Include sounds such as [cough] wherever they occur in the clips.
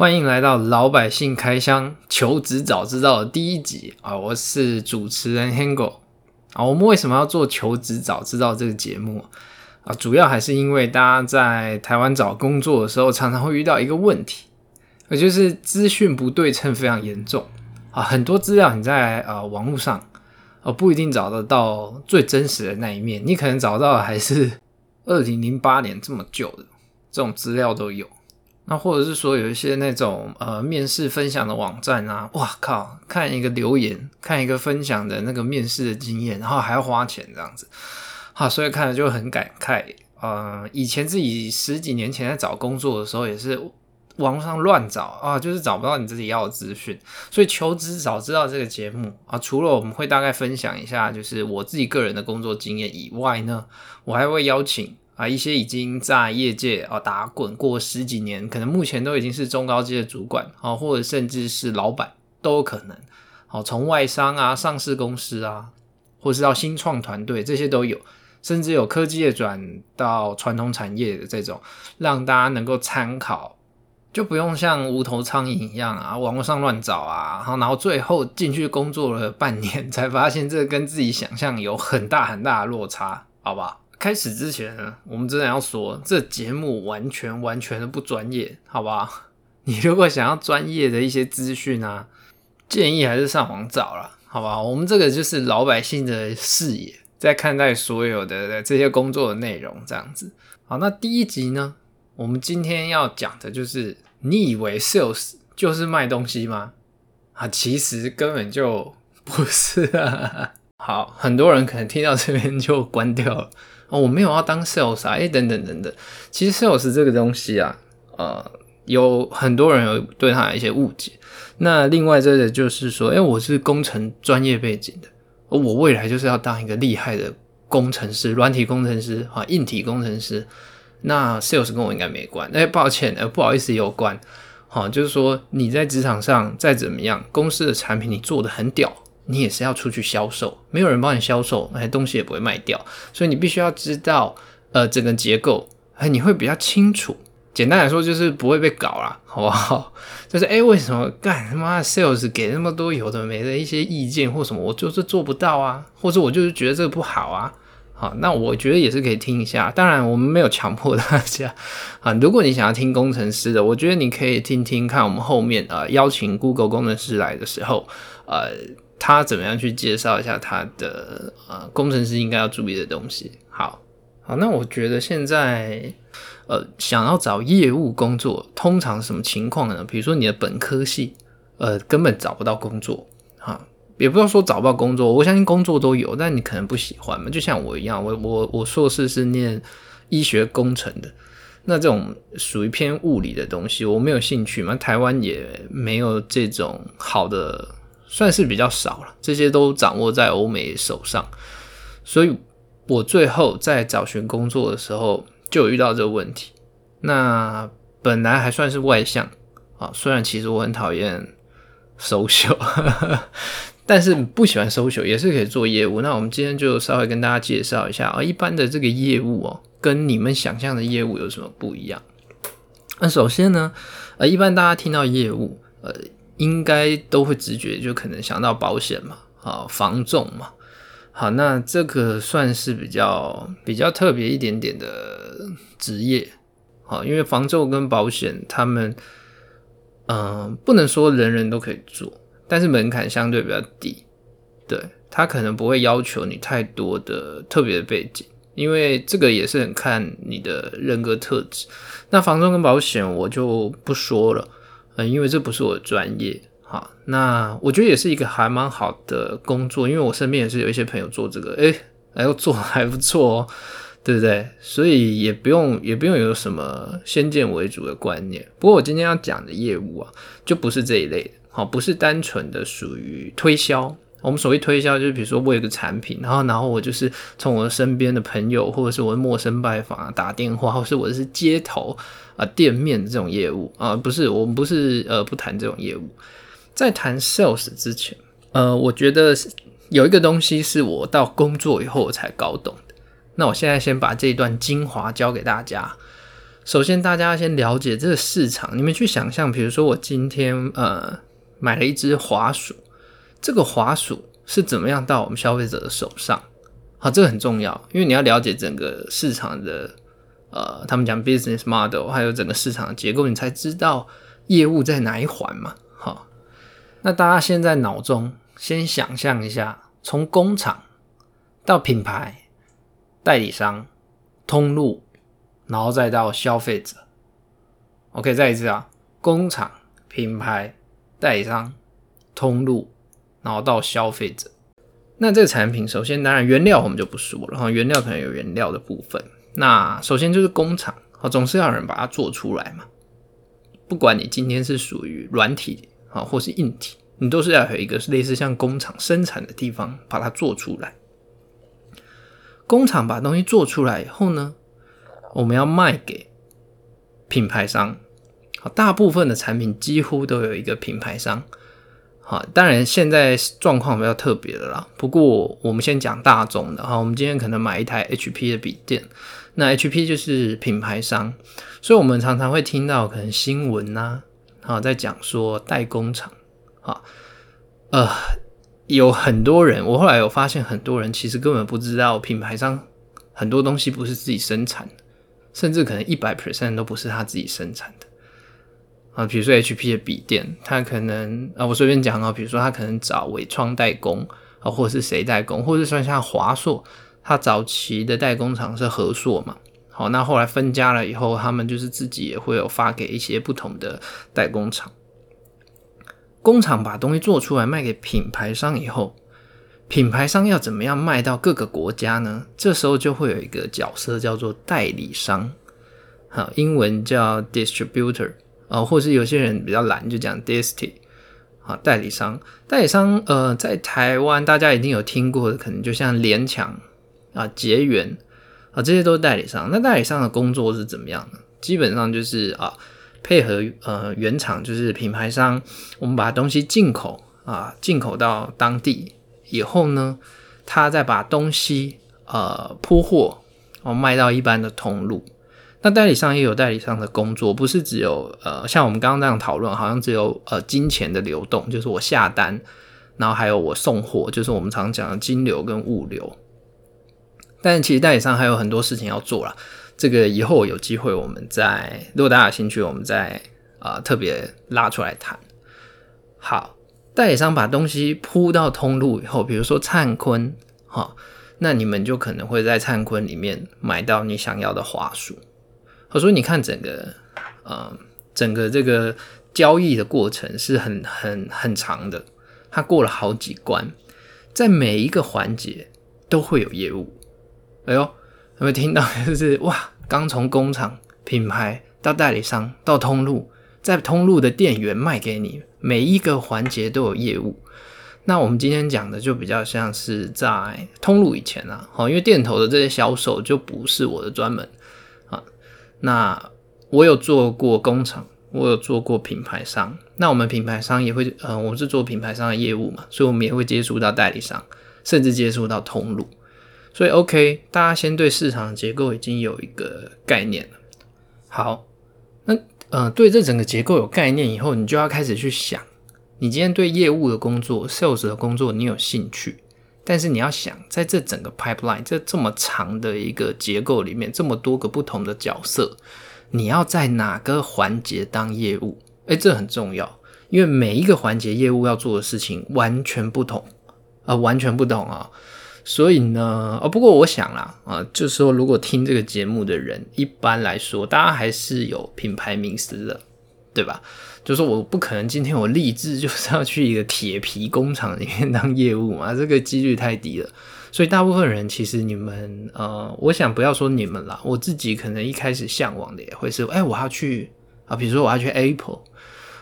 歡迎來到《老百姓開箱求職早知道》的第一集啊！我是主持人 Hengo 啊。我們為什麼要做《求職早知道》這個節目啊？主要還是因為大家在台灣找工作的時候，常常會遇到一個問題，那就是資訊不對稱非常嚴重啊。很多資料你在呃網絡上哦，不一定找得到最真實的那一面，你可能找到的還是二零零八年這麼久的這種資料都有。那或者是說有一些那種呃面試分享的網站啊，哇靠！看一個留言，看一個分享的那個面試的經驗，然後還要花錢這樣子好，啊，所以看了就很感慨。嗯、呃，以前自己十幾年前在找工作的時候，也是網路上亂找啊，就是找不到你自己要的資訊。所以求職早知道這個節目啊，除了我們會大概分享一下就是我自己個人的工作經驗以外呢，我還會邀請。啊，一些已經在業界啊打滾過十幾年，可能目前都已經是中高級的主管啊，或者甚至是老板都有可能。好，從外商啊、上市公司啊，或是到新創團隊，這些都有，甚至有科技業轉到傳統產業的這種，讓大家能夠參考，就不用像無頭蒼蠅一樣啊，網絡上亂找啊，然後最後進去工作了半年才發現，這跟自己想象有很大很大的落差，好吧？開始之前呢，我們真的要說，這節目完全完全的不專業，好吧？你如果想要專業的一些資訊啊，建議還是上網找啦，好吧？我們這個就是老百姓的視野，在看待所有的這些工作的內容，這樣子。好，那第一集呢，我們今天要講的就是，你以為 Sales 就是賣東西嗎？啊，其實根本就不是啊。好，很多人可能聽到這邊就關掉了。哦，我沒有要當 sales 啊！哎、欸，等等等等，其實 sales 這個東西啊，呃，有很多人有對他的一些誤解。那另外這個就是說，誒、欸、我是工程專業背景的，我未來就是要當一個厲害的工程師，軟體工程師，硬體工程師。那 sales 跟我應該沒關。誒、欸、抱歉，呃，不好意思，有關。好、哦，就是說你在職場上再怎麼樣，公司的產品你做得很屌。你也是要出去銷售，沒有人幫你銷售，那些東西也不會賣掉，所以你必須要知道，呃，整個結構，哎、欸，你會比較清楚。簡單來說，就是不會被搞啦，好不好？就是誒、欸，為什麼幹他媽 sales 給那麼多有的沒的一些意見或什麼，我就是做不到啊，或者我就是覺得這個不好啊，好、啊，那我覺得也是可以聽一下。當然，我們沒有強迫大家啊。如果你想要聽工程師的，我覺得你可以聽聽看。我們後面啊、呃，邀請 Google 工程師來的時候，呃。他怎麼樣去介紹一下他的呃工程師應該要注意的東西？好，好，那我覺得現在呃想要找業務工作，通常什麼情況呢？比如說你的本科系呃根本找不到工作啊，也不知道說找不到工作，我相信工作都有，但你可能不喜歡嘛，就像我一樣，我我我碩士是念醫學工程的，那這種屬於偏物理的東西，我沒有興趣嘛，台灣也沒有這種好的，算是比較少了，這些都掌握在歐美手上，所以我最後在找尋工作的時候就有遇到這個問題。那本來還算是外向啊、哦，雖然其實我很討厭 social，呵呵，但是不喜歡 social 也是可以做業務。那我們今天就稍微跟大家介紹一下啊、哦，一般的這個業務哦，跟你們想象的業務有什麼不一樣？那首先呢，呃，一般大家聽到業務，呃。應該都會直覺就可能想到保險嘛，啊，房仲嘛，好，那這個算是比較比較特別一點點的職業，好，因為房仲跟保險，他們嗯、呃，不能說人人都可以做，但是門檻相對比較低，對，他可能不會要求你太多的特別的背景，因為這個也是很看你的人格特質。那房仲跟保險我就不說了。嗯，因為這不是我的專業哈，那我覺得也是一個還蠻好的工作，因為我身邊也是有一些朋友做這個，哎，還要做還不錯哦，對不對？所以也不用也不用有什麼先見為主的觀念。不過我今天要講的業務啊，就不是這一類的，好，不是單純的屬於推銷。我們所謂推銷，就是比如說我有一個產品，然後然後我就是從我身邊的朋友，或者是我陌生拜訪、啊、打電話，或是我是街頭啊、呃、店面這種業務啊、呃，不是我們不是呃不談這種業務。在談 sales 之前，呃，我覺得有一個東西是我到工作以後我才搞懂的。那我現在先把這一段精華教給大家。首先，大家先了解這個市場。你們去想象，比如說我今天呃買了一只滑鼠。這個滑鼠是怎麼樣到我們消費者的手上？好，這個很重要，因為你要了解整個市場的，呃，他們講 business model，還有整個市場的結構，你才知道業務在哪一環嘛。好，那大家現在腦中先想象一下，從工廠到品牌、代理商、通路，然後再到消費者。OK，再一次啊，工廠、品牌、代理商、通路。然後到消費者，那這個產品，首先當然原料我們就不說了，然後原料可能有原料的部分。那首先就是工廠，好，總是要有人把它做出來嘛。不管你今天是屬於軟體啊，或是硬體，你都是要有一個類似像工廠生產的地方把它做出來。工廠把東西做出來以後呢，我們要賣給品牌商，大部分的產品幾乎都有一個品牌商。啊，當然現在狀況比較特別的啦。不過我們先講大眾的哈，我們今天可能買一台 HP 的筆電，那 HP 就是品牌商，所以我們常常會聽到可能新聞啊，在講說代工廠，啊，呃，有很多人，我後來有發現，很多人其實根本不知道品牌商很多東西不是自己生產的，甚至可能一百 percent 都不是他自己生產的。啊，比如說 HP 的筆電，他可能啊，我隨便講啊，比如說他可能找緯創代工啊，或者是誰代工，或者是像像華碩，他早期的代工廠是和碩嘛，好，那後來分家了以後，他們就是自己也會有發給一些不同的代工廠，工廠把東西做出來賣給品牌商以後，品牌商要怎麼樣賣到各個國家呢？這時候就會有一個角色叫做代理商，好，英文叫 distributor。呃，或是有些人比較懶，就講 disty，啊，代理商，代理商，呃，在台灣大家一定有聽過，可能就像聯強啊、捷元啊，這些都是代理商。那代理商的工作是怎麼樣的？基本上就是啊，配合呃原廠，就是品牌商，我們把東西進口啊，進口到當地以後呢，他再把東西呃鋪貨，哦、啊，賣到一般的通路。那代理商也有代理商的工作，不是只有呃，像我們剛剛那樣討論，好像只有呃金錢的流動，就是我下單，然後還有我送貨，就是我們常講的金流跟物流。但其實代理商還有很多事情要做啦，這個以後有機會，我們再，如果大家有興趣，我們再啊、呃、特別拉出來談。好，代理商把東西鋪到通路以後，比如說燦坤，哈、哦，那你們就可能會在燦坤裡面買到你想要的滑鼠。我說，你看整個，呃、嗯，整個這個交易的過程是很很很長的，它過了好幾關，在每一個環節都會有業務。哎呦，有沒有聽到？就是哇，剛從工廠、品牌到代理商，到通路，在通路的店員賣給你，每一個環節都有業務。那我們今天講的就比較像是在通路以前啊，因為店頭的這些銷售就不是我的專門。那我有做過工廠，我有做過品牌商。那我們品牌商也會，呃，我們是做品牌商的業務嘛，所以我們也會接觸到代理商，甚至接觸到通路。所以 OK，大家先對市場的結構已經有一個概念了。好，那呃，對這整個結構有概念以後，你就要開始去想，你今天對業務的工作、sales 的工作，你有興趣？但是你要想，在這整個 pipeline 這這麼長的一個結構裡面，這麼多個不同的角色，你要在哪個環節當業務？誒，這很重要，因為每一個環節業務要做的事情完全不同啊、呃，完全不同啊。所以呢，呃、哦，不過我想啦，啊、呃，就是說如果聽這個節目的人，一般來說，大家還是有品牌名詞的，對吧？就是我不可能今天我立志就是要去一個鐵皮工廠裡面當業務嘛，這個幾率太低了。所以大部分人其實你們呃，我想不要說你們啦，我自己可能一開始向往的也會是，哎、欸，我要去啊，比如說我要去 Apple，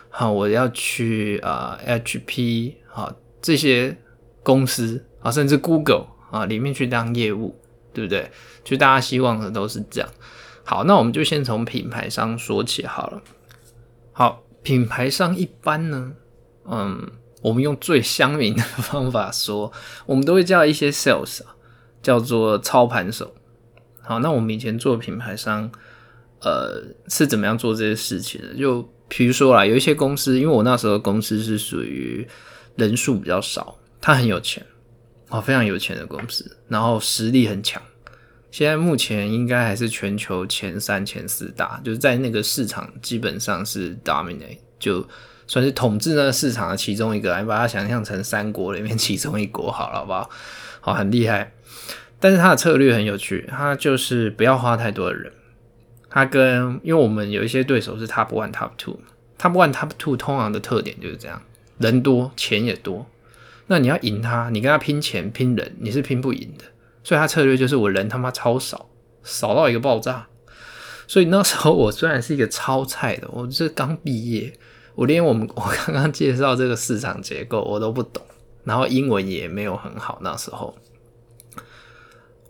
好、啊，我要去啊 HP，好、啊，這些公司啊，甚至 Google 啊裡面去當業務，對不對？就大家希望的都是這樣。好，那我們就先從品牌商說起好了。好。品牌商一般呢，嗯，我們用最鄉民的方法說，我們都會叫一些 sales 啊，叫做操盤手。好，那我們以前做品牌商，呃，是怎麼樣做這些事情的？就譬如說啦，有一些公司，因為我那時候公司是屬於人數比較少，他很有錢，哦，非常有錢的公司，然後實力很強。現在目前應該還是全球前三、前四大，就是在那個市場基本上是 dominate，就算是統治那個市場的其中一個。你把它想象成三國裡面其中一國，好了，好不好？好，很厲害。但是他的策略很有趣，他就是不要花太多的人。他跟，因為我們有一些對手是 top one、top two，top one、top two 通常的特點就是這樣：人多，錢也多。那你要贏他，你跟他拼錢、拼人，你是拼不贏的。所以他策略，就是我人他媽超少，少到一個爆炸。所以那時候我雖然是一個超菜的，我就是剛畢業，我連我們我剛剛介紹這個市場結構我都不懂，然後英文也沒有很好，那時候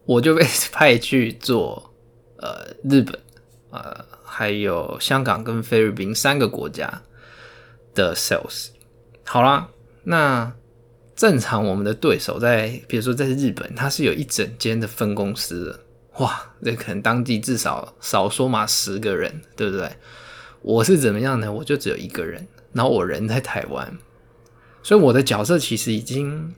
我就被派去做呃日本、呃還有香港跟菲律賓三個國家的 sales。好啦，那。正常，我們的對手在，比如說在日本，他是有一整間的分公司的，哇，那可能當地至少少說嘛十個人，對不對？我是怎麼樣呢？我就只有一個人，然後我人在台灣，所以我的角色其實已經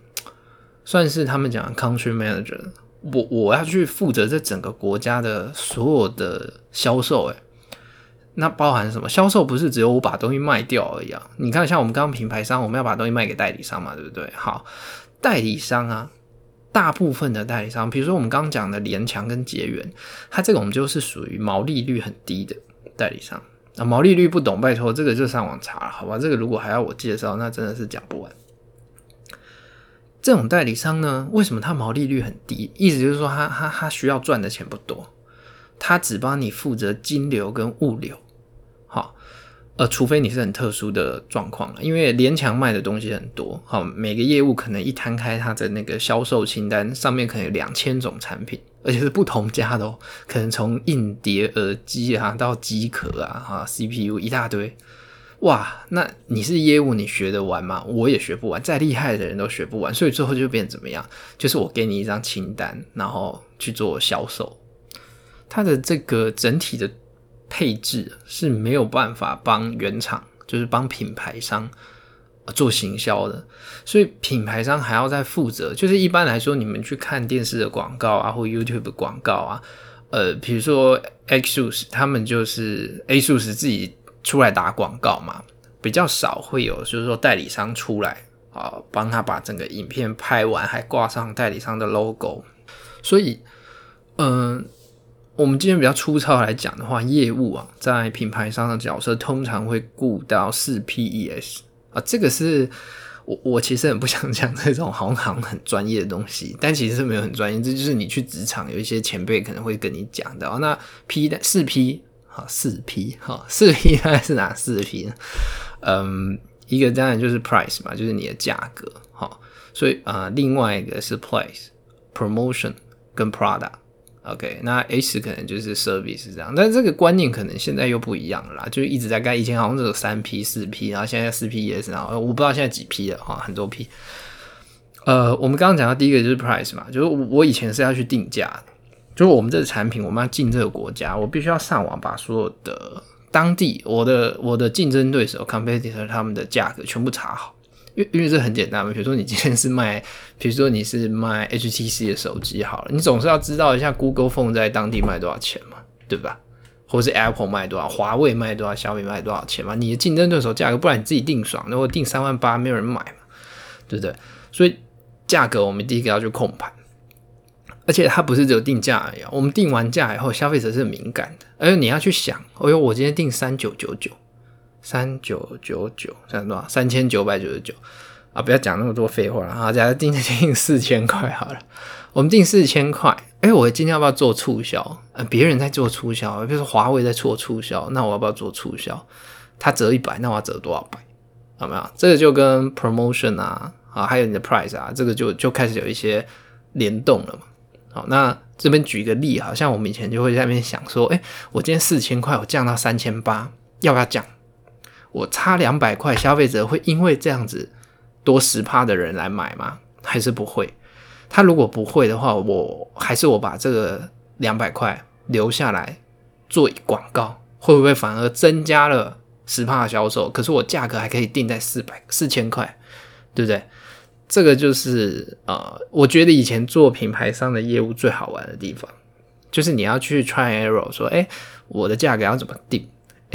算是他們講的 Country Manager，我我要去負責這整個國家的所有的銷售，欸，哎。那包含什麼？銷售不是只有我把東西賣掉而已啊？你看，像我們剛剛品牌商，我們要把東西賣給代理商嘛，對不對？好，代理商啊，大部分的代理商，比如說我們剛講的聯強跟結緣，它這種就是屬於毛利率很低的代理商。啊，毛利率不懂，拜託，這個就上網查了，好吧？這個如果還要我介紹，那真的是講不完。這種代理商呢，為什麼它毛利率很低？意思就是說它，他他他需要賺的錢不多。他只幫你負責金流跟物流，好、哦，呃，除非你是很特殊的狀況，因為聯強賣的東西很多，好、哦，每個業務可能一攤開，他的那個銷售清單上面可能有兩千種產品，而且是不同家的哦，可能從硬碟、耳機啊到機殼啊啊 CPU 一大堆，哇，那你是業務，你學得完嗎？我也學不完，再厲害的人都學不完，所以最後就變怎麼樣？就是我給你一張清單，然後去做銷售。它的這個整體的配置是沒有辦法幫原廠，就是幫品牌商做行銷的，所以品牌商還要再負責。就是一般來說，你們去看電視的廣告啊，或 YouTube 的廣告啊，呃，比如說 ASUS，他們就是 ASUS 自己出來打廣告嘛，比較少會有，就是說代理商出來啊，幫、呃、他把整個影片拍完，還掛上代理商的 logo。所以，嗯、呃。我們今天比較粗糙來講的話，業務啊，在品牌商的角色通常會顧到四 PES 啊，這個是我我其實很不想講這種行行很專業的東西，但其實是沒有很專業，這就是你去職場有一些前輩可能會跟你講的。啊、那 P 四 P 哈，四 P 哈，四 P 大概是哪四 P 呢？嗯，一個當然就是 Price 嘛，就是你的價格，好、啊，所以啊，另外一個是 Place、Promotion 跟 Product。OK，那 H 可能就是 service 是這樣，但是這個觀念可能現在又不一樣了啦，就一直在改。以前好像只有三 P 四 P，然後現在四 P 也是，然後我不知道現在幾 P 了哈，很多 P。呃，我們剛剛講到第一個就是 price 嘛，就是我我以前是要去定價，就是我們這個產品我們要進這個國家，我必須要上網把所有的當地我的我的競爭對手 competitor 他們的價格全部查好。因為因為這很簡單嘛，比如說你今天是賣，比如說你是賣 HTC 的手機好了，你總是要知道一下 Google Phone 在當地賣多少錢嘛，對吧？或是 Apple 賣多少，華為賣多少，小米賣多少錢嘛？你的競爭對手價格，不然你自己定爽，那我定三萬八沒有人買嘛，對不對？所以價格我們第一個要去控盤，而且它不是只有定價而已，我們定完價以後，消費者是很敏感的，而且你要去想，哎呦，我今天定三九九九。三九九九，算多少？三千九百九十九啊！不要講那麼多廢話了啊！假設定定四千塊好了，我們定四千塊。哎、欸，我今天要不要做促銷？呃，別人在做促銷，比如說華為在做促銷，那我要不要做促銷？他折一百，那我要折多少百？有沒有？這個就跟 promotion 啊，啊，還有你的 price 啊，這個就就開始有一些聯動了嘛。好，那這邊舉一個例，好像我們以前就會在那邊想說，哎、欸，我今天四千塊，我降到三千八，要不要降？我差兩百塊，消費者會因為這樣子多十趴的人來買嗎？還是不會？他如果不會的話，我還是我把這個兩百塊留下來做廣告，會不會反而增加了十趴的銷售？可是我價格還可以定在四百四千塊，對不對？這個就是啊、呃，我覺得以前做品牌商的業務最好玩的地方，就是你要去 try error，說誒、欸，我的價格要怎麼定？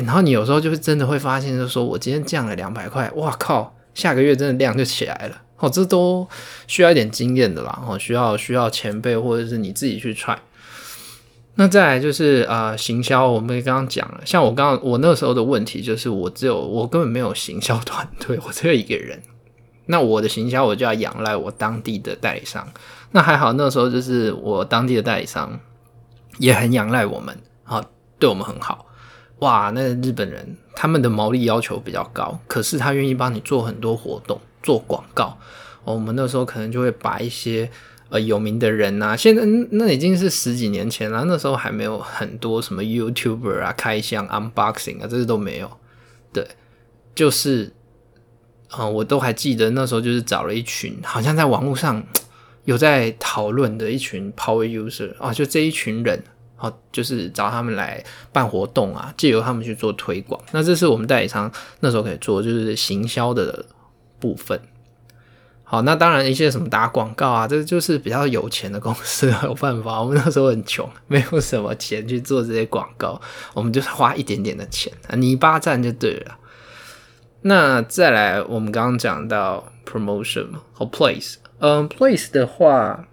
然後你有時候就是真的會發現，就是說我今天降了兩百塊，哇靠！下個月真的量就起來了哦，這都需要一點經驗的啦，哦，需要需要前輩或者是你自己去 try。那再來就是啊、呃，行銷，我們剛剛講了，像我剛剛我那時候的問題就是，我只有我根本沒有行銷團隊，我只有一個人，那我的行銷我就要仰賴我當地的代理商。那還好那時候就是我當地的代理商也很仰賴我們啊、哦，對我們很好。哇，那個、日本人他們的毛利要求比較高，可是他願意幫你做很多活動、做廣告。哦、我們那時候可能就會把一些呃有名的人啊，現在那已經是十幾年前了，那時候還沒有很多什麼 YouTuber 啊、開箱 Unboxing 啊這些、個、都沒有。對，就是，啊、呃、我都還記得那時候就是找了一群，好像在網絡上有在討論的一群 Power User 啊、哦，就這一群人。好，就是找他們來辦活動啊，借由他們去做推廣。那這是我們代理商那時候可以做，就是行銷的部分。好，那當然一些什麼打廣告啊，這就是比較有錢的公司有辦法。我們那時候很窮，沒有什麼錢去做這些廣告，我們就花一點點的錢啊，泥巴戰，就對了。那再來，我們剛剛講到 promotion 和 place，嗯，um, place 的話，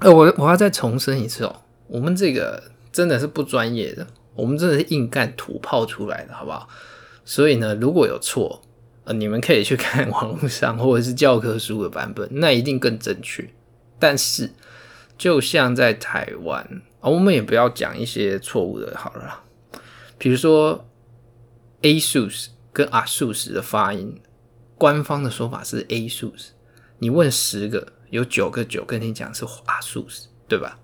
呃，我我要再重申一次哦。我們這個真的是不專業的，我們真的是硬幹土炮出來的，好不好？所以呢，如果有錯，呃，你們可以去看網絡上或者是教科書的版本，那一定更正確。但是，就像在台灣，啊，我們也不要講一些錯誤的，好了啦，比如說，ASUS 跟 ASUS 的發音，官方的說法是 ASUS，你問十個，有九個九個跟你講是 ASUS，對吧？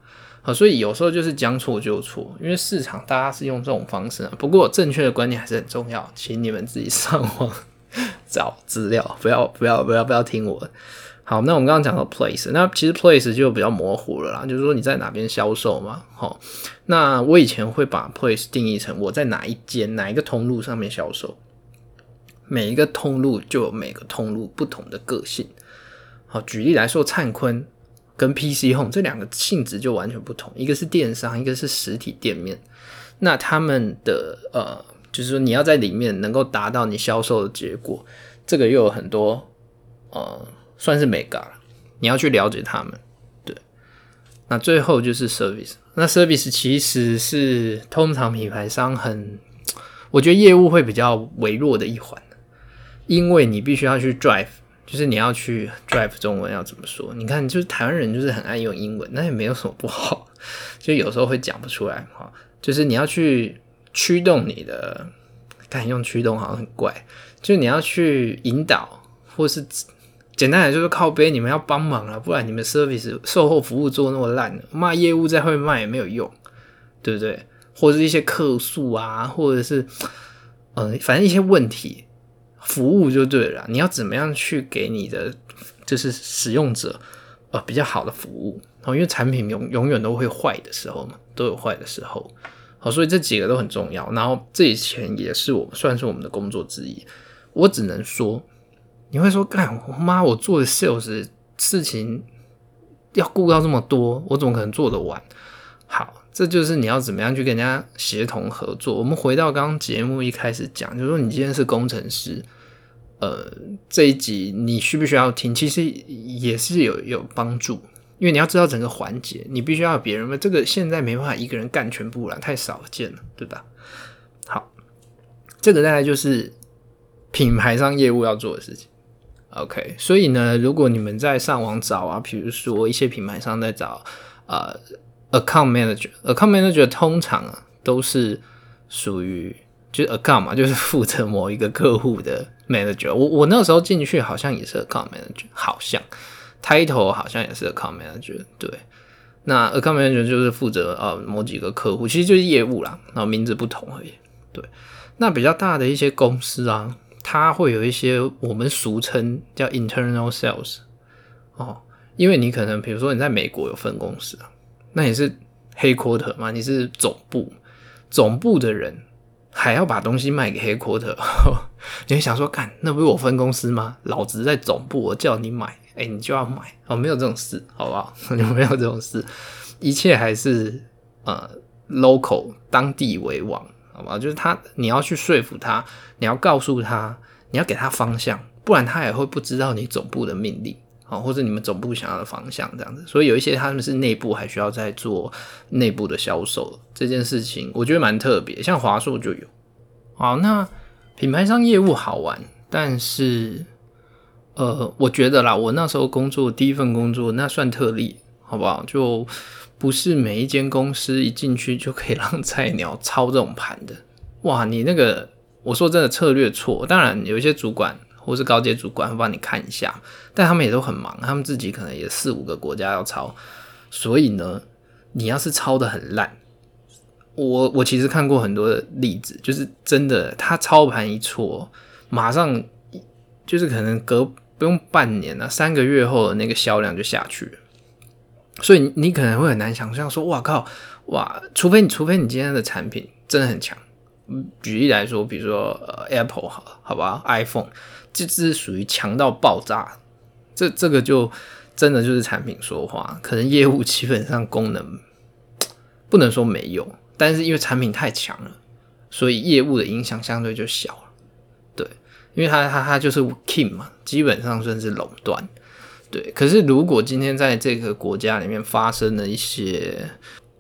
啊，所以有時候就是將錯就錯，因為市場大家是用這種方式啊。不過正確的觀念還是很重要，請你們自己上網找資料，不要不要不要不要聽我的。好，那我們剛剛講到 place，那其實 place 就比較模糊了啦，就是說你在哪邊銷售嘛。好，那我以前會把 place 定義成我在哪一間哪一個通路上面銷售，每一個通路就有每個通路不同的個性。好，舉例來說，燦坤。跟 PC Home 這兩個性質就完全不同，一個是電商，一個是實體店面。那他們的呃，就是說你要在裡面能夠達到你銷售的結果，這個又有很多呃，算是 mega 了。你要去了解他們，對。那最後就是 service，那 service 其實是通常品牌商很，我覺得業務會比較微弱的一環，因為你必須要去 drive。就是你要去 drive 中文要怎麼說？你看，就是台灣人就是很愛用英文，那也沒有什麼不好。就有時候會講不出來哈。就是你要去驅動你的，看用驅動好像很怪。就是你要去引導，或是簡單來說，就是靠杯。你們要幫忙啊，不然你們 service 售後服務做那麼爛，賣業務再會賣也沒有用，對不對？或者是一些客訴啊，或者是嗯、呃，反正一些問題。服務就對了，你要怎麼樣去給你的就是使用者呃比較好的服務哦，因為產品永永遠都會壞的時候嘛，都有壞的時候，好、哦，所以這幾個都很重要。然後這以前也是我算是我們的工作之一。我只能說，你會說幹，我媽，我做的 sales 事情要顧到這麼多，我怎麼可能做得完？好，這就是你要怎麼樣去跟人家協同合作。我們回到剛剛節目一開始講，就是說你今天是工程師。呃，這一集你需不需要聽？其實也是有有幫助，因為你要知道整個環節，你必須要有別人問。這個現在沒辦法一個人幹全部了，太少見了，對吧？好，這個大概就是品牌商業務要做的事情。OK，所以呢，如果你們在上網找啊，比如說一些品牌商在找呃，account manager，account manager 通常啊都是屬於。就是 account 嘛，就是負責某一個客戶的 manager。我我那時候進去好像也是 account manager，好像 title 好像也是 account manager。對，那 account manager 就是負責呃某幾個客戶，其實就是業務啦，然後名字不同而已。對，那比較大的一些公司啊，它會有一些我們俗稱叫 internal sales 哦，因為你可能比如說你在美國有分公司，那你是 headquarter 嘛，你是總部，總部的人，還要把東西賣給 headquarter？你會想說，幹那不是我分公司嗎？老子在總部，我叫你買，哎、欸，你就要買哦，沒有這種事，好不好？沒有這種事，一切還是呃，local 當地為王，好不好？就是他，你要去說服他，你要告訴他，你要給他方向，不然他也會不知道你總部的命令。啊，或是你們總部想要的方向這樣子，所以有一些他們是內部還需要再做內部的銷售這件事情，我覺得蠻特別。像華碩就有，好，那品牌商業務好玩，但是，呃，我覺得啦，我那時候工作第一份工作那算特例，好不好？就不是每一間公司一進去就可以讓菜鳥操這種盤的。哇，你那個我說真的策略錯，當然有一些主管。或是高階主管會幫你看一下，但他們也都很忙，他們自己可能也四五個國家要抄，所以呢，你要是抄得很爛，我我其實看過很多的例子，就是真的他操盤一錯，馬上就是可能隔不用半年了啊，三個月後的那個銷量就下去了，所以你可能會很難想象說，哇靠哇，除非你除非你今天的產品真的很強，舉例來說，比如說呃 Apple 好，好吧 iPhone。這是屬於強到爆炸，這這個就真的就是產品說話。可能業務基本上功能不能說沒用，但是因為產品太強了，所以業務的影響相對就小了。對，因為它它它就是 king 嘛，基本上算是壟斷。對，可是如果今天在這個國家裡面發生了一些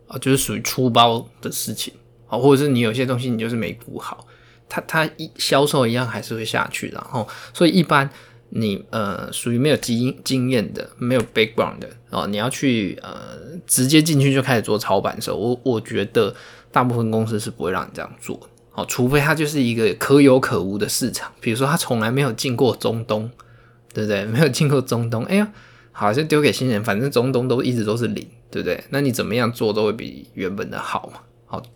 啊，就是屬於粗暴的事情啊，或者是你有些東西你就是沒補好。他他一銷售一樣還是會下去，啊，然後，哦，所以一般你呃屬於沒有經經驗的、沒有 background 的哦，你要去呃直接進去就開始做操盤手，我我覺得大部分公司是不會讓你這樣做哦，除非他就是一個可有可無的市場，比如說他從來沒有進過中東，對不對？沒有進過中東，哎呀，好像丟給新人，反正中東都一直都是零，對不對？那你怎麼樣做都會比原本的好嘛。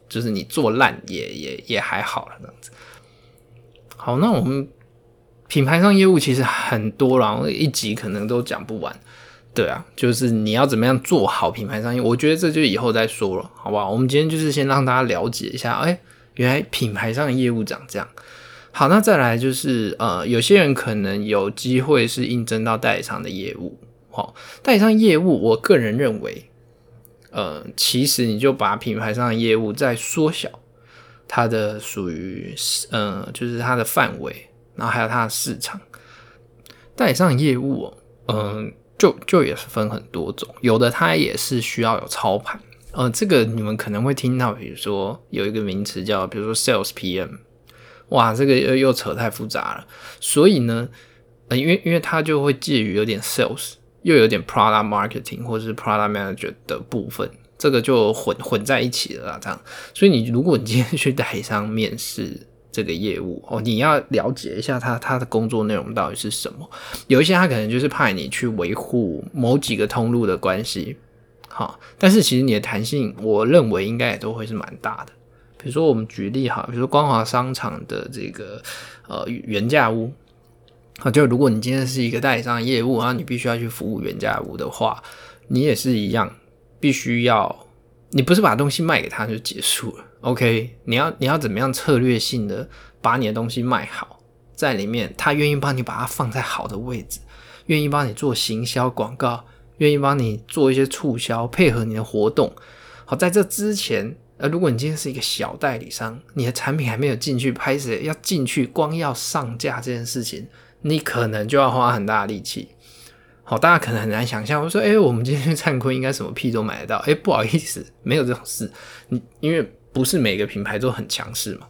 就是你做爛也也也還好了這樣子，好，那我們品牌商業務其實很多，然後一集可能都講不完，對啊，就是你要怎麼樣做好品牌商業務，我覺得這就以後再說了，好不好？我們今天就是先讓大家了解一下，哎、欸，原來品牌商的業務長這樣。好，那再來就是呃，有些人可能有機會是應徵到代理商的業務，好、哦，代理商業務，我個人認為。呃，其實你就把品牌上的業務再縮小它的屬於呃，就是它的範圍，然後還有它的市場。代理商業務、哦，嗯、呃，就就也是分很多種，有的它也是需要有操盤。呃，這個你們可能會聽到，比如說有一個名詞叫，比如說 sales PM，哇，這個又又扯太複雜了。所以呢，呃，因為因為它就會介於有點 sales。又有點 product marketing 或者是 product manager 的部分，這個就混混在一起了啦、啊。這樣，所以你如果你今天去代理商面試這個業務哦，你要了解一下他他的工作內容到底是什麼。有一些他可能就是派你去維護某幾個通路的關係，哈、哦，但是其實你的彈性，我認為應該也都會是蠻大的。比如說我們舉例哈，比如說光華商場的這個呃原價屋。好，就如果你今天是一個代理商業務啊，然後你必須要去服務原價屋的話，你也是一樣，必須要你不是把東西賣給他就結束了。OK，你要你要怎麼樣策略性的把你的東西賣好，在裡面他願意幫你把它放在好的位置，願意幫你做行銷廣告，願意幫你做一些促銷，配合你的活動。好，在這之前，如果你今天是一個小代理商，你的產品還沒有進去，拍謝，要進去，光要上架這件事情。你可能就要花很大的力氣，好、哦，大家可能很難想象。我說，誒、欸，我們今天燦坤應該什麼屁都買得到。誒、欸，不好意思，沒有這種事。你因為不是每個品牌都很強勢嘛。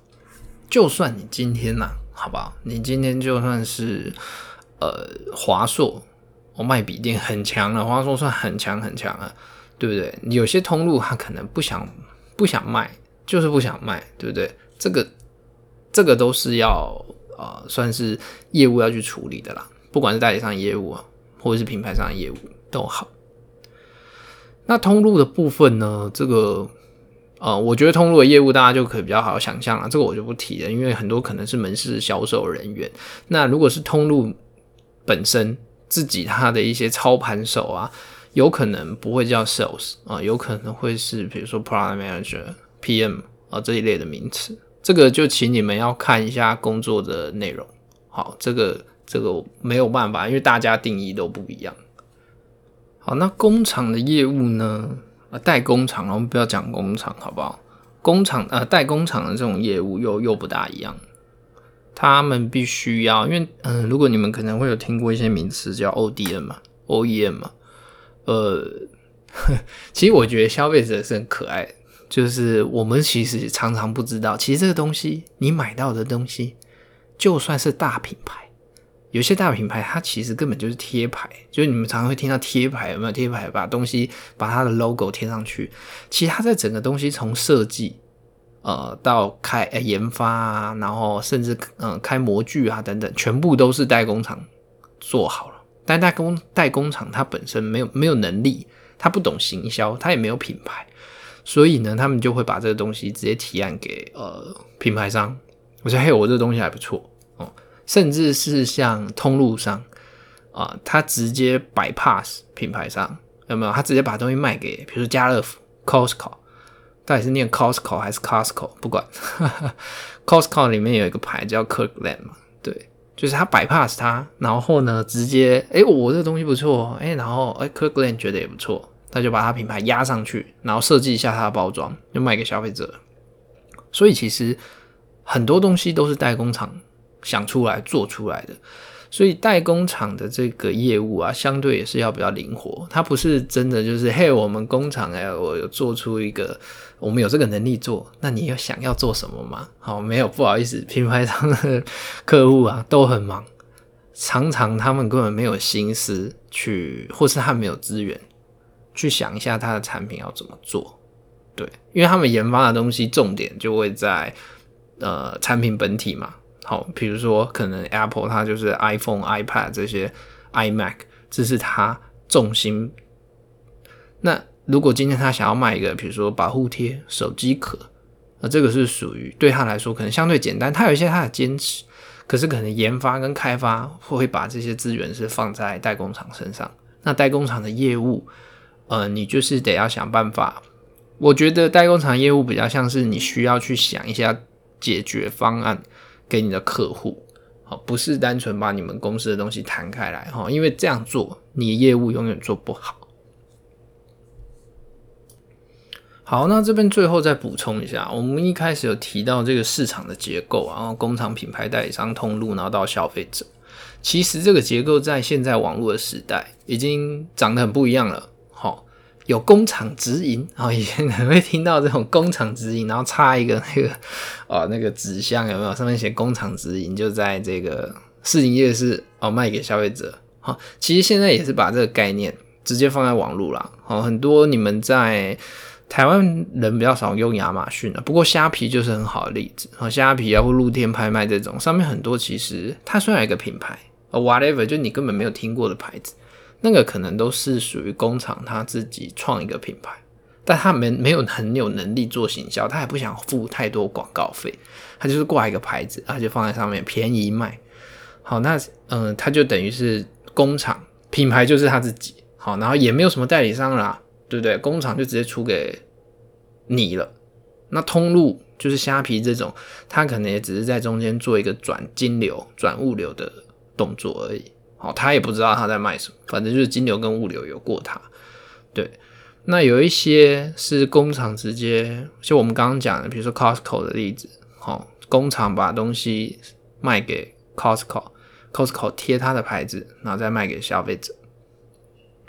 就算你今天吶、啊，好不好？你今天就算是呃華碩，我賣筆電很強了，華碩算很強很強了，對不對？有些通路他可能不想不想賣，就是不想賣，對不對？這個這個都是要。啊，算是業務要去處理的啦，不管是代理商業務啊，或者是品牌商業務都好。那通路的部分呢？這個啊、呃，我覺得通路的業務大家就可以比較好想象了，這個我就不提了，因為很多可能是門市銷售人員。那如果是通路本身自己他的一些操盤手啊，有可能不會叫 sales 啊、呃，有可能會是比如說 program manager、PM 啊、呃、這一類的名詞。這個就請你們要看一下工作的內容，好，這個這個沒有辦法，因為大家定義都不一樣。好，那工廠的業務呢？啊、呃，代工廠，我們不要講工廠，好不好？工廠啊，呃、代工廠的這種業務又又不大一樣。他們必須要，因為嗯、呃，如果你們可能會有聽過一些名詞叫 ODM 嘛，OEM 嘛，呃呵，其實我覺得消費者是很可愛的。就是我們其實常常不知道，其實這個東西你買到的東西，就算是大品牌，有些大品牌它其實根本就是貼牌，就是你們常常會聽到貼牌，有沒有貼牌把東西把它的 logo 貼上去？其實它在整個東西從設計，呃，到開、欸、研發啊，然後甚至嗯、呃、開模具啊等等，全部都是代工廠做好了。但代工代工廠它本身沒有沒有能力，它不懂行銷，它也沒有品牌。所以呢，他們就會把這個東西直接提案給呃品牌商，我說嘿，我這個東西還不錯哦，嗯，甚至是像通路商啊，呃，他直接 bypass 品牌商有沒有？他直接把東西賣給，比如說家樂福、Costco，到底是念 Costco 還是 Costco？不管 [laughs] ，Costco 哈哈裡面有一個牌叫 Kirkland 嘛，對，就是他 bypass 他，然後呢，直接哎，欸，我這個東西不錯哎，欸，然後哎 Kirkland，欸，覺得也不錯。他就把他品牌壓上去，然後設計一下他的包裝，就賣給消費者。所以其實很多東西都是代工廠想出來做出來的。所以代工廠的這個業務啊，相對也是要比較靈活。它不是真的就是嘿，我們工廠誒，我有做出一個，我們有這個能力做，那你要想要做什麼嘛？好，沒有，不好意思，品牌商的客戶啊都很忙，常常他們根本沒有心思去，或是他沒有資源。去想一下他的產品要怎麼做，對，因為他們研發的東西重點就會在呃產品本體嘛。好，比如說可能 Apple 它就是 iPhone、iPad 這些 iMac，這是它重心。那如果今天他想要賣一個，比如說保護貼、手機殼，那這個是屬於對他來說可能相對簡單，他有一些他的堅持，可是可能研發跟開發會把這些資源是放在代工廠身上，那代工廠的業務。呃、嗯，你就是得要想辦法。我覺得代工廠業務比較像是你需要去想一下解決方案，給你的客戶，好，不是單純把你們公司的東西攤開來哈，因為這樣做你業務永遠做不好。好，那這邊最後再補充一下，我們一開始有提到這個市場的結構，然後工廠、品牌、代理商通路，然後到消費者，其實這個結構在現在網絡的時代已經長得很不一樣了。有工廠直營，啊、哦，以前可能會聽到這種工廠直營，然後插一個那個，哦，那個紙箱有沒有上面寫工廠直營？就在這個試營業是哦，賣給消費者。好、哦，其實現在也是把這個概念直接放在網絡了。好、哦，很多你們在台灣人比較少用亞馬遜的，不過蝦皮就是很好的例子。哦，蝦皮啊，或露天拍賣這種，上面很多其實它雖然有一個品牌，哦，whatever，就你根本沒有聽過的牌子。那個可能都是屬於工廠他自己創一個品牌，但他沒沒有很有能力做行銷，他也不想付太多廣告費，他就是掛一個牌子，他就放在上面便宜賣。好，那嗯、呃，他就等於是工廠品牌就是他自己，好，然後也沒有什麼代理商啦，對不對？工廠就直接出給你了。那通路就是蝦皮這種，他可能也只是在中間做一個轉金流、轉物流的動作而已。好、哦，他也不知道他在賣什麼，反正就是金流跟物流有過他。他對，那有一些是工廠直接，就我們剛剛講的，比如說 Costco 的例子，哦，工廠把東西賣給 Costco，Costco 貼 Costco 他的牌子，然後再賣給消費者。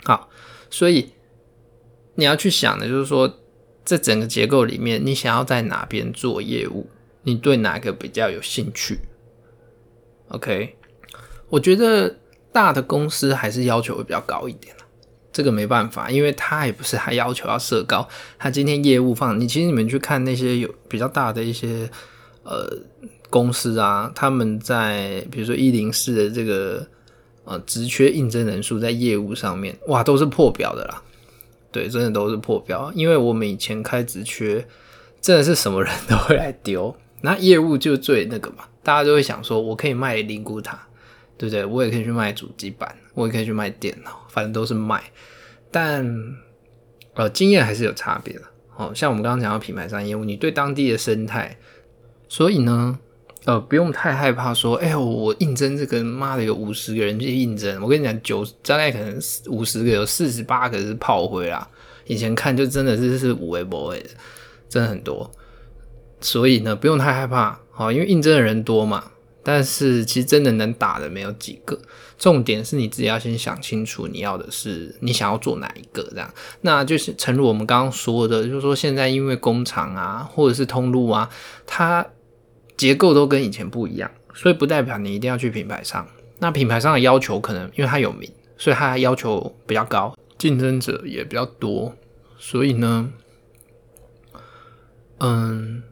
好，所以你要去想的，就是說，這整個結構裡面，你想要在哪邊做業務，你對哪個比較有興趣？OK，我覺得。大的公司還是要求會比較高一點啦、啊，這個沒辦法，因為他也不是還要求要設高，他今天業務放你，其實你們去看那些有比較大的一些呃公司啊，他們在比如說一零四的這個呃職缺應徵人數在業務上面，哇，都是破表的啦，對，真的都是破表，因為我們以前開職缺，真的是什麼人都會來丟，那業務就最那個嘛，大家就會想說我可以賣靈菇塔。對不對？我也可以去賣主機板，我也可以去賣電腦，反正都是賣。但呃，經驗還是有差別的。哦，像我們剛剛講到品牌商業務，你對當地的生態，所以呢，呃，不用太害怕說，哎、欸，我應徵這個媽的有五十個人去應徵，我跟你講，九大概可能五十個有四十八個是炮灰啦。以前看就真的是是五位博位的，真的很多。所以呢，不用太害怕，好、哦，因為應徵的人多嘛。但是其實真的能打的沒有幾個。重點是你自己要先想清楚，你要的是你想要做哪一個這樣。那就是，誠如我們剛剛說的，就是說現在因為工廠啊，或者是通路啊，它結構都跟以前不一樣，所以不代表你一定要去品牌商。那品牌商的要求可能因為它有名，所以它要求比較高，競爭者也比較多，所以呢，嗯。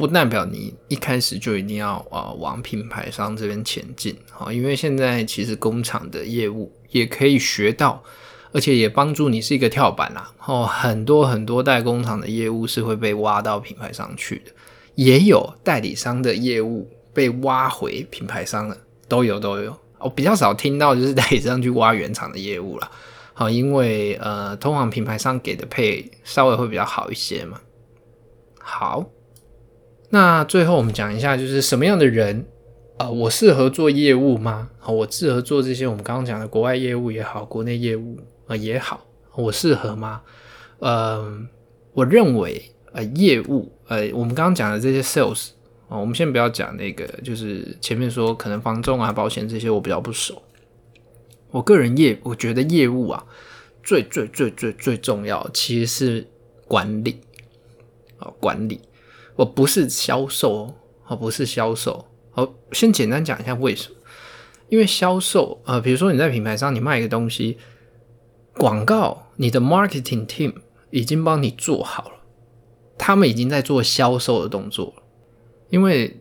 不代表你一開始就一定要啊往品牌商這邊前進啊，因為現在其實工廠的業務也可以學到，而且也幫助你是一個跳板啦哦。很多很多代工廠的業務是會被挖到品牌商去的，也有代理商的業務被挖回品牌商了，都有都有。我比較少聽到就是代理商去挖原廠的業務啦。哦，因為呃，通常品牌商給的配稍微會比較好一些嘛。好。那最後我們講一下，就是什麼樣的人啊、呃？我適合做業務嗎？我適合做這些我們剛剛講的國外業務也好，國內業務啊、呃、也好，我適合嗎？嗯、呃，我認為呃，業務呃，我們剛剛講的這些 sales 啊、呃，我們先不要講那個，就是前面說可能房仲啊、保險這些我比較不熟。我個人業我覺得業務啊，最最最最最重要其實是管理啊、呃，管理。我不是銷售，哦，不是銷售，好先簡單講一下為什麼？因為銷售，呃，比如說你在品牌商你賣一個東西，廣告，你的 marketing team 已經幫你做好了，他們已經在做銷售的動作了，因為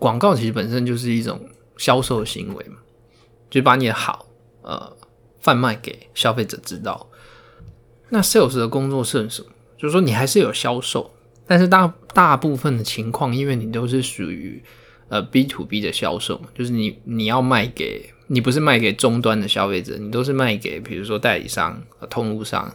廣告其實本身就是一種銷售的行為嘛，就是把你的好，呃，販賣給消費者知道。那 sales 的工作是什麼？就是說你還是有銷售，但是大。大部分的情況，因為你都是屬於呃 B to B 的銷售，就是你你要賣給你不是賣給終端的消費者，你都是賣給比如說代理商、呃、通路商。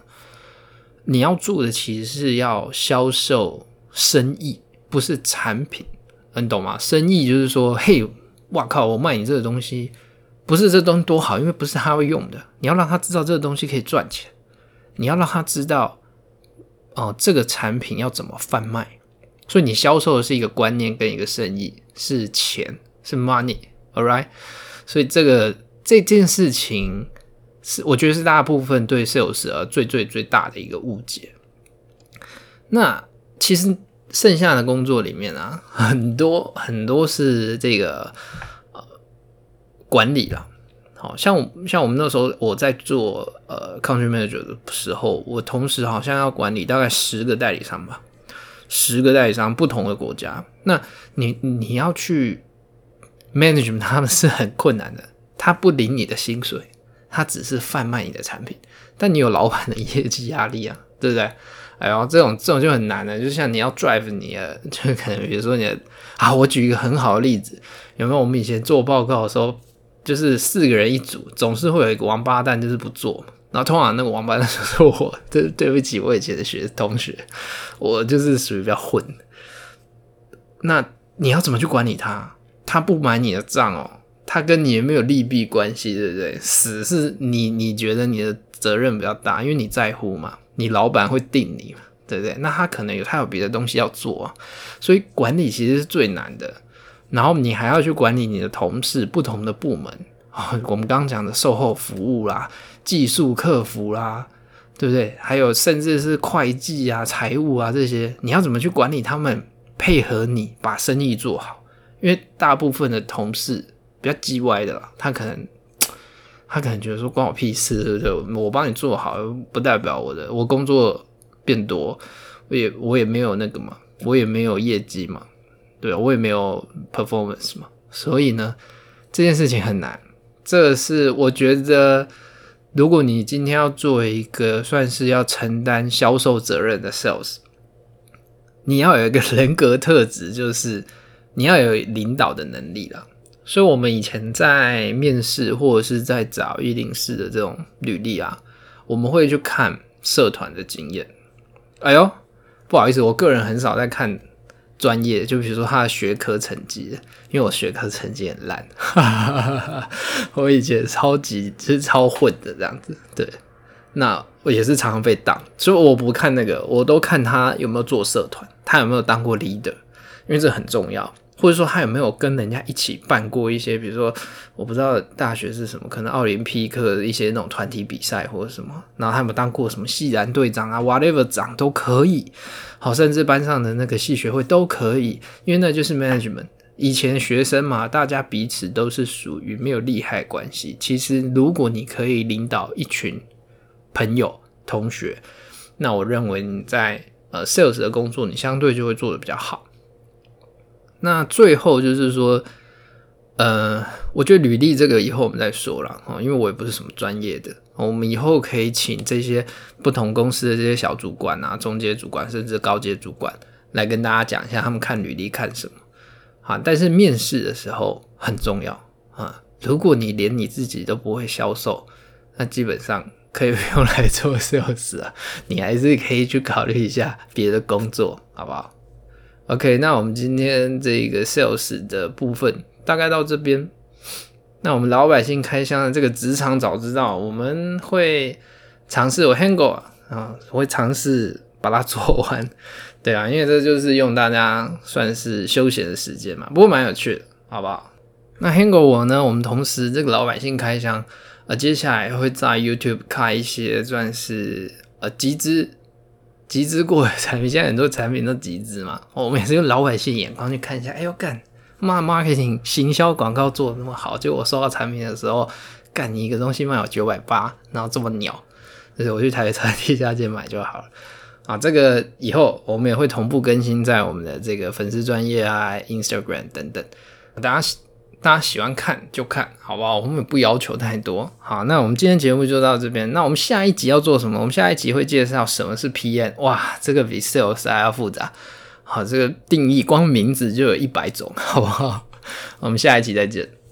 你要做的其實是要銷售生意，不是產品，你懂嗎？生意就是說，嘿，哇靠，我賣你這個東西，不是這東西多好，因為不是他會用的。你要讓他知道這個東西可以賺錢，你要讓他知道哦、呃，這個產品要怎麼販賣。所以你銷售的是一個觀念跟一個生意，是錢，是 money，all right？所以這個這件事情是，我覺得是大部分對 sales 呃最最最大的一個誤解。那其實剩下的工作裡面啊，很多很多是這個呃管理啦，好像我像我們那時候我在做呃 Country Manager 的時候，我同時好像要管理大概十個代理商吧。十個代理商，不同的國家，那你你要去 manage 他們是很困難的。他不領你的薪水，他只是販賣你的產品，但你有老闆的業績壓力啊，對不對？哎，然後這種這種就很難的。就像你要 drive 你啊，就可能比如說你啊，我舉一個很好的例子，有沒有？我們以前做報告的時候，就是四個人一組，總是會有一個王八蛋，就是不做。然後通常那個王八蛋說：“我，對對不起，我以前的學同學，我就是屬於比較混。”那你要怎麼去管理他？他不買你的賬哦，他跟你也沒有利弊關係，對不對？死是你，你覺得你的責任比較大，因為你在乎嘛，你老板會定你嘛，對不對？那他可能有他有別的東西要做啊，所以管理其實是最難的。然後你還要去管理你的同事、不同的部門啊，哦。我們剛剛講的售後服務啦。技術客服啦、啊，對不對？還有甚至是會計啊、財務啊這些，你要怎麼去管理他們，配合你把生意做好？因為大部分的同事比較嘰歪的啦。他可能他可能覺得說關我屁事，就我幫你做好不代表我的，我工作變多，我也我也沒有那個嘛，我也沒有業績嘛，對我也沒有 performance 嘛，所以呢，這件事情很難，這是我覺得。如果你今天要做一個算是要承擔銷售責任的 sales，你要有一個人格特質，就是你要有領導的能力啦。所以，我們以前在面試或者是在找104的這種履歷啊，我們會去看社團的經驗。哎呦，不好意思，我個人很少在看。專業就比如說他的學科成績，因為我學科成績很爛，哈哈哈，我以前超級、就是超混的這樣子。對，那我也是常常被當。所以我不看那個，我都看他有沒有做社團，他有沒有當過 leader，因為這很重要。或者說他有沒有跟人家一起辦過一些，比如說我不知道大學是什麼，可能奧林匹克的一些那種團體比賽或者什麼，然後他們當過什麼系籃隊長啊，whatever 長都可以，好，甚至班上的那個系學會都可以，因為那就是 management。以前學生嘛，大家彼此都是屬於沒有利害關係。其實如果你可以領導一群朋友同學，那我認為你在呃 sales 的工作，你相對就會做的比較好。那最後就是說，呃，我覺得履歷這個以後我們再說了哦，因為我也不是什麼專業的，我們以後可以請這些不同公司的這些小主管啊、中階主管甚至高階主管來跟大家講一下他們看履歷看什麼啊。但是面試的時候很重要啊，如果你連你自己都不會銷售，那基本上可以不用來做 sales 啊，你還是可以去考慮一下別的工作，好不好？OK，那我們今天這個 sales 的部分大概到這邊。那我們老百姓開箱的這個職場早知道，我們會嘗試有 Hangover 啊，我會嘗試把它做完。對啊，因為這就是用大家算是休閒的時間嘛，不過蠻有趣的，好不好？那 Hangover 我呢，我們同時這個老百姓開箱啊，接下來會在 YouTube 開一些算是呃、啊、集資。集資過的產品，現在很多產品都集資嘛，哦、我們也是用老百姓眼光去看一下。哎喲幹，媽，marketing 行銷廣告做的那麼好，就我收到產品的時候，幹你一個東西賣我九百八，然後這麼鳥，就是我去台北地下街買就好了。啊，這個以後我們也會同步更新在我們的這個粉絲專頁啊、Instagram 等等，大家。大家喜歡看就看，好不好？我們也不要求太多。好，那我們今天節目就到這邊。那我們下一集要做什麼？我們下一集會介紹什麼是 PM。哇，這個比 Sales 還要複雜。好，這個定義光名字就有一百種，好不好？我們下一集再見。